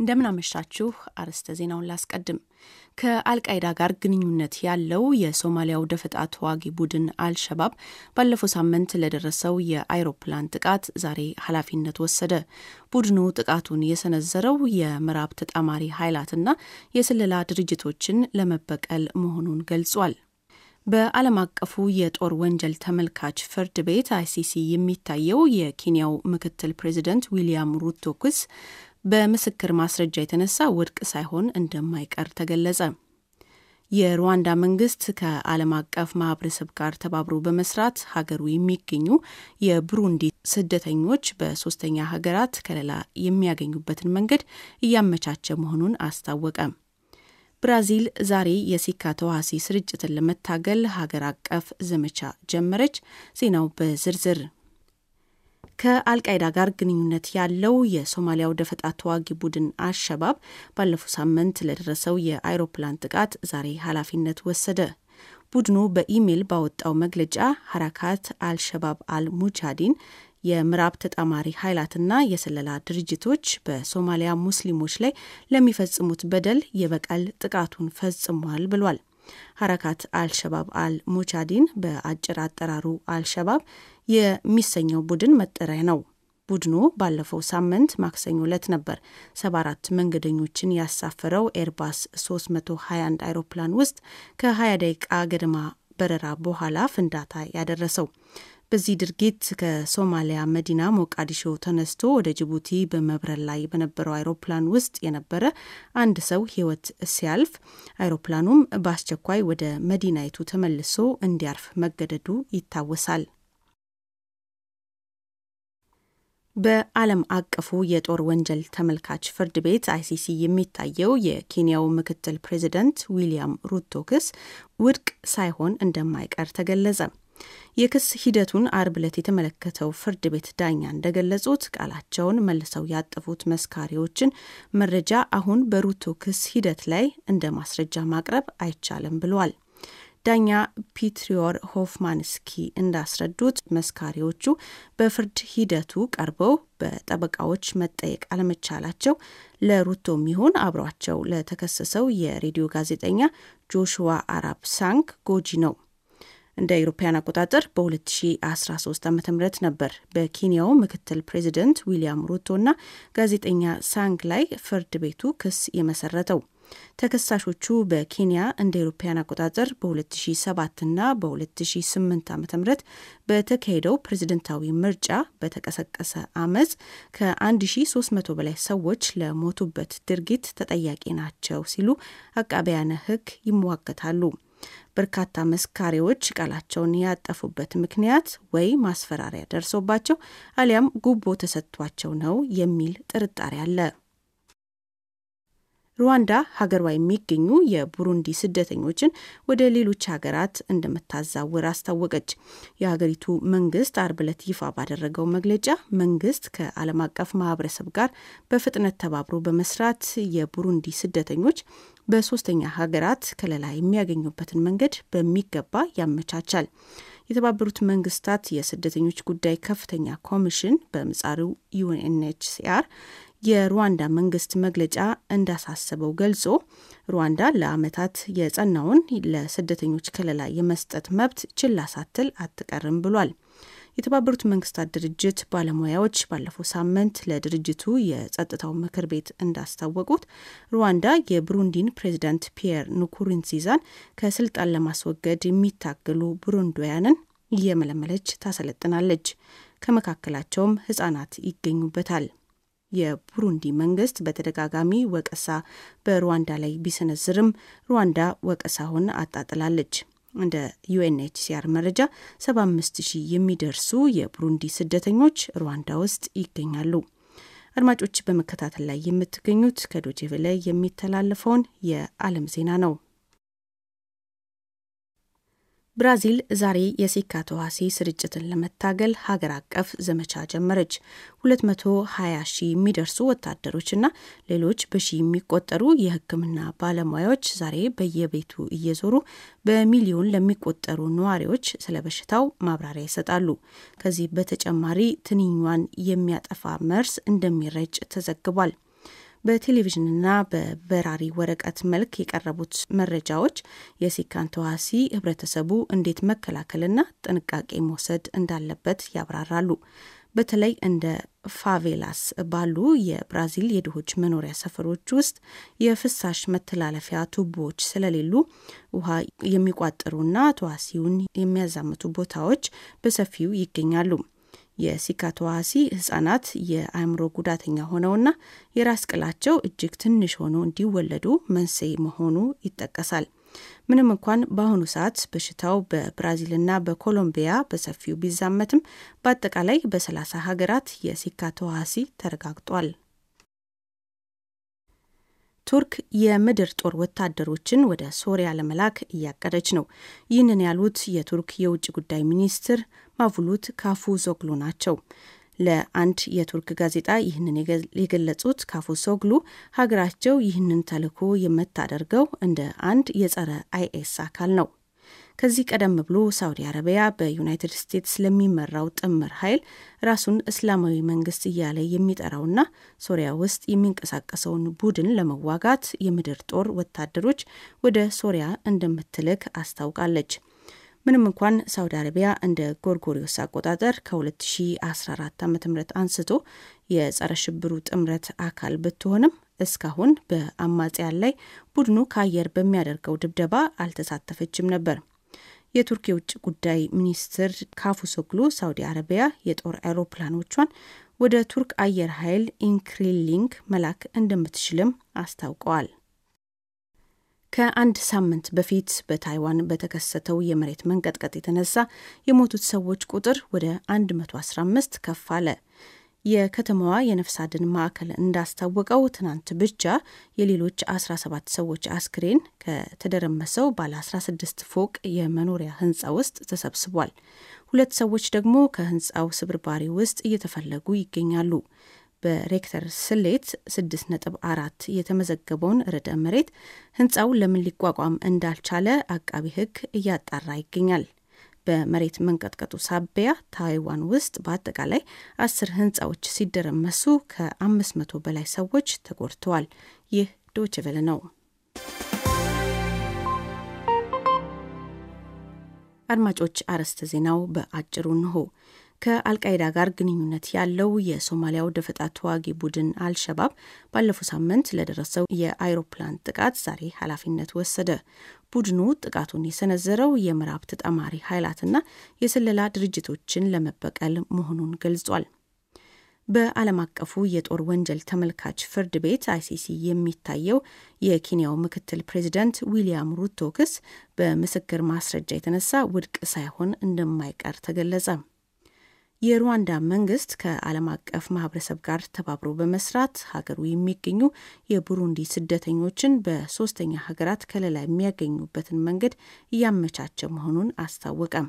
እንደምናመሻችሁ አርዕስተ ዜናውን ላስቀድም። ከአልቃይዳ ጋር ግንኙነት ያለው የሶማሊያው ደፈጣ ተዋጊ ቡድን አልሸባብ ባለፈው ሳምንት ለደረሰው የአይሮፕላን ጥቃት ዛሬ ኃላፊነት ወሰደ። ቡድኑ ጥቃቱን የሰነዘረው የምዕራብ ተጣማሪ ኃይላትና የስለላ ድርጅቶችን ለመበቀል መሆኑን ገልጿል። በዓለም አቀፉ የጦር ወንጀል ተመልካች ፍርድ ቤት አይሲሲ የሚታየው የኬንያው ምክትል ፕሬዚደንት ዊሊያም ሩቶ ክስ በምስክር ማስረጃ የተነሳ ውድቅ ሳይሆን እንደማይቀር ተገለጸ። የሩዋንዳ መንግስት ከዓለም አቀፍ ማህበረሰብ ጋር ተባብሮ በመስራት ሀገሩ የሚገኙ የብሩንዲ ስደተኞች በሶስተኛ ሀገራት ከለላ የሚያገኙበትን መንገድ እያመቻቸ መሆኑን አስታወቀ። ብራዚል ዛሬ የሲካ ተዋሲ ስርጭትን ለመታገል ሀገር አቀፍ ዘመቻ ጀመረች። ዜናው በዝርዝር ከአልቃይዳ ጋር ግንኙነት ያለው የሶማሊያው ደፈጣ ተዋጊ ቡድን አሸባብ ባለፈው ሳምንት ለደረሰው የአውሮፕላን ጥቃት ዛሬ ኃላፊነት ወሰደ። ቡድኑ በኢሜይል ባወጣው መግለጫ ሀራካት አልሸባብ አልሙጃዲን የምዕራብ ተጣማሪ ኃይላትና የስለላ ድርጅቶች በሶማሊያ ሙስሊሞች ላይ ለሚፈጽሙት በደል የበቀል ጥቃቱን ፈጽሟል ብሏል። ሀረካት አልሸባብ አል ሙቻዲን በአጭር አጠራሩ አልሸባብ የሚሰኘው ቡድን መጠሪያ ነው። ቡድኑ ባለፈው ሳምንት ማክሰኞ ዕለት ነበር 74 መንገደኞችን ያሳፈረው ኤርባስ 321 አይሮፕላን ውስጥ ከ20 ደቂቃ ገደማ በረራ በኋላ ፍንዳታ ያደረሰው። በዚህ ድርጊት ከሶማሊያ መዲና ሞቃዲሾ ተነስቶ ወደ ጅቡቲ በመብረር ላይ በነበረው አይሮፕላን ውስጥ የነበረ አንድ ሰው ሕይወት ሲያልፍ አይሮፕላኑም በአስቸኳይ ወደ መዲናይቱ ተመልሶ እንዲያርፍ መገደዱ ይታወሳል። በዓለም አቀፉ የጦር ወንጀል ተመልካች ፍርድ ቤት አይሲሲ የሚታየው የኬንያው ምክትል ፕሬዚደንት ዊሊያም ሩቶ ክስ ውድቅ ሳይሆን እንደማይቀር ተገለጸ። የክስ ሂደቱን አርብ ዕለት የተመለከተው ፍርድ ቤት ዳኛ እንደገለጹት ቃላቸውን መልሰው ያጠፉት መስካሪዎችን መረጃ አሁን በሩቶ ክስ ሂደት ላይ እንደ ማስረጃ ማቅረብ አይቻልም ብሏል። ዳኛ ፒትሪዮር ሆፍማንስኪ እንዳስረዱት መስካሪዎቹ በፍርድ ሂደቱ ቀርበው በጠበቃዎች መጠየቅ አለመቻላቸው ለሩቶም ይሁን አብሯቸው ለተከሰሰው የሬዲዮ ጋዜጠኛ ጆሹዋ አራብ ሳንክ ጎጂ ነው። እንደ አውሮፓውያን አቆጣጠር በ2013 ዓ ም ነበር በኬንያው ምክትል ፕሬዚደንት ዊሊያም እና ጋዜጠኛ ሳንግ ላይ ፍርድ ቤቱ ክስ የመሰረተው። ተከሳሾቹ በኬንያ እንደ አውሮፓውያን አቆጣጠር በ2007 እና በ2008 ዓ ም በተካሄደው ፕሬዝደንታዊ ምርጫ በተቀሰቀሰ አመፅ ከ1300 በላይ ሰዎች ለሞቱበት ድርጊት ተጠያቂ ናቸው ሲሉ አቃቢያነ ሕግ ይሟገታሉ። በርካታ መስካሪዎች ቃላቸውን ያጠፉበት ምክንያት ወይ ማስፈራሪያ ደርሶባቸው አሊያም ጉቦ ተሰጥቷቸው ነው የሚል ጥርጣሬ አለ። ሩዋንዳ ሀገሯ የሚገኙ የቡሩንዲ ስደተኞችን ወደ ሌሎች ሀገራት እንደምታዛውር አስታወቀች። የሀገሪቱ መንግስት አርብ ዕለት ይፋ ባደረገው መግለጫ መንግስት ከዓለም አቀፍ ማህበረሰብ ጋር በፍጥነት ተባብሮ በመስራት የቡሩንዲ ስደተኞች በሶስተኛ ሀገራት ከለላ የሚያገኙበትን መንገድ በሚገባ ያመቻቻል። የተባበሩት መንግስታት የስደተኞች ጉዳይ ከፍተኛ ኮሚሽን በምጻሩ ዩኤንኤችሲአር የሩዋንዳ መንግስት መግለጫ እንዳሳሰበው ገልጾ ሩዋንዳ ለአመታት የጸናውን ለስደተኞች ከለላ የመስጠት መብት ችላ ሳትል አትቀርም ብሏል። የተባበሩት መንግስታት ድርጅት ባለሙያዎች ባለፈው ሳምንት ለድርጅቱ የጸጥታው ምክር ቤት እንዳስታወቁት ሩዋንዳ የብሩንዲን ፕሬዚዳንት ፒየር ንኩሩንዚዛን ከስልጣን ለማስወገድ የሚታገሉ ቡሩንዲያንን እየመለመለች ታሰለጥናለች። ከመካከላቸውም ህጻናት ይገኙበታል። የቡሩንዲ መንግስት በተደጋጋሚ ወቀሳ በሩዋንዳ ላይ ቢሰነዝርም ሩዋንዳ ወቀሳውን አጣጥላለች። እንደ ዩኤንኤችሲአር መረጃ 75 ሺህ የሚደርሱ የቡሩንዲ ስደተኞች ሩዋንዳ ውስጥ ይገኛሉ። አድማጮች በመከታተል ላይ የምትገኙት ከዶቼ ቬለ የሚተላለፈውን የዓለም ዜና ነው። ብራዚል ዛሬ የሲካ ተዋሲ ስርጭትን ለመታገል ሀገር አቀፍ ዘመቻ ጀመረች። 220 ሺህ የሚደርሱ ወታደሮችና ሌሎች በሺ የሚቆጠሩ የሕክምና ባለሙያዎች ዛሬ በየቤቱ እየዞሩ በሚሊዮን ለሚቆጠሩ ነዋሪዎች ስለ በሽታው ማብራሪያ ይሰጣሉ። ከዚህ በተጨማሪ ትንኟን የሚያጠፋ መርስ እንደሚረጭ ተዘግቧል። በቴሌቪዥንና በበራሪ ወረቀት መልክ የቀረቡት መረጃዎች የሲካን ተዋሲ ህብረተሰቡ እንዴት መከላከልና ጥንቃቄ መውሰድ እንዳለበት ያብራራሉ። በተለይ እንደ ፋቬላስ ባሉ የብራዚል የድሆች መኖሪያ ሰፈሮች ውስጥ የፍሳሽ መተላለፊያ ቱቦዎች ስለሌሉ ውሃ የሚቋጥሩና ተዋሲውን የሚያዛምቱ ቦታዎች በሰፊው ይገኛሉ። የሲካቶ ዋሲ ህጻናት የአእምሮ ጉዳተኛ ሆነውና የራስ ቅላቸው እጅግ ትንሽ ሆኖ እንዲወለዱ መንስኤ መሆኑ ይጠቀሳል። ምንም እንኳን በአሁኑ ሰዓት በሽታው በብራዚልና በኮሎምቢያ በሰፊው ቢዛመትም በአጠቃላይ በ30 ሀገራት የሲካቶ ዋሲ ተረጋግጧል። ቱርክ የምድር ጦር ወታደሮችን ወደ ሶሪያ ለመላክ እያቀደች ነው። ይህንን ያሉት የቱርክ የውጭ ጉዳይ ሚኒስትር ማቭሉት ካፉዞግሉ ናቸው። ለአንድ የቱርክ ጋዜጣ ይህንን የገለጹት ካፉሶግሉ ሀገራቸው ይህንን ተልዕኮ የምታደርገው እንደ አንድ የጸረ አይኤስ አካል ነው። ከዚህ ቀደም ብሎ ሳውዲ አረቢያ በዩናይትድ ስቴትስ ለሚመራው ጥምር ኃይል ራሱን እስላማዊ መንግስት እያለ የሚጠራውና ሶሪያ ውስጥ የሚንቀሳቀሰውን ቡድን ለመዋጋት የምድር ጦር ወታደሮች ወደ ሶሪያ እንደምትልክ አስታውቃለች። ምንም እንኳን ሳውዲ አረቢያ እንደ ጎርጎሪዮስ አቆጣጠር ከ2014 ዓ ም አንስቶ የጸረ ሽብሩ ጥምረት አካል ብትሆንም እስካሁን በአማጽያን ላይ ቡድኑ ከአየር በሚያደርገው ድብደባ አልተሳተፈችም ነበር። የቱርክ የውጭ ጉዳይ ሚኒስትር ካፉሶግሉ ሳውዲ አረቢያ የጦር አውሮፕላኖቿን ወደ ቱርክ አየር ኃይል ኢንክሪሊንግ መላክ እንደምትችልም አስታውቀዋል። ከአንድ ሳምንት በፊት በታይዋን በተከሰተው የመሬት መንቀጥቀጥ የተነሳ የሞቱት ሰዎች ቁጥር ወደ 115 ከፍ አለ። የከተማዋ የነፍስ አድን ማዕከል እንዳስታወቀው ትናንት ብቻ የሌሎች 17 ሰዎች አስክሬን ከተደረመሰው ባለ 16 ፎቅ የመኖሪያ ህንፃ ውስጥ ተሰብስቧል። ሁለት ሰዎች ደግሞ ከህንፃው ስብርባሪ ውስጥ እየተፈለጉ ይገኛሉ። በሬክተር ስሌት 6.4 የተመዘገበውን ርዕደ መሬት ህንፃው ለምን ሊቋቋም እንዳልቻለ አቃቢ ህግ እያጣራ ይገኛል። በመሬት መንቀጥቀጡ ሳቢያ ታይዋን ውስጥ በአጠቃላይ አስር ህንፃዎች ሲደረመሱ ከ500 በላይ ሰዎች ተጎድተዋል። ይህ ዶችቨል ነው። አድማጮች፣ አርዕስተ ዜናው በአጭሩ እንሆ። ከአልቃይዳ ጋር ግንኙነት ያለው የሶማሊያው ደፈጣ ተዋጊ ቡድን አልሸባብ ባለፈው ሳምንት ለደረሰው የአይሮፕላን ጥቃት ዛሬ ኃላፊነት ወሰደ። ቡድኑ ጥቃቱን የሰነዘረው የምዕራብ ተጣማሪ ኃይላትና የስለላ ድርጅቶችን ለመበቀል መሆኑን ገልጿል። በዓለም አቀፉ የጦር ወንጀል ተመልካች ፍርድ ቤት አይሲሲ የሚታየው የኬንያው ምክትል ፕሬዚደንት ዊሊያም ሩቶ ክስ በምስክር ማስረጃ የተነሳ ውድቅ ሳይሆን እንደማይቀር ተገለጸ። የሩዋንዳ መንግስት ከዓለም አቀፍ ማህበረሰብ ጋር ተባብሮ በመስራት ሀገሩ የሚገኙ የቡሩንዲ ስደተኞችን በሶስተኛ ሀገራት ከለላ የሚያገኙበትን መንገድ እያመቻቸ መሆኑን አስታወቀም።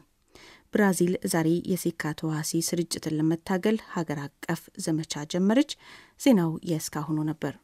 ብራዚል ዛሬ የሴካ ተዋሲ ስርጭትን ለመታገል ሀገር አቀፍ ዘመቻ ጀመረች። ዜናው የእስካሁኑ ነበር።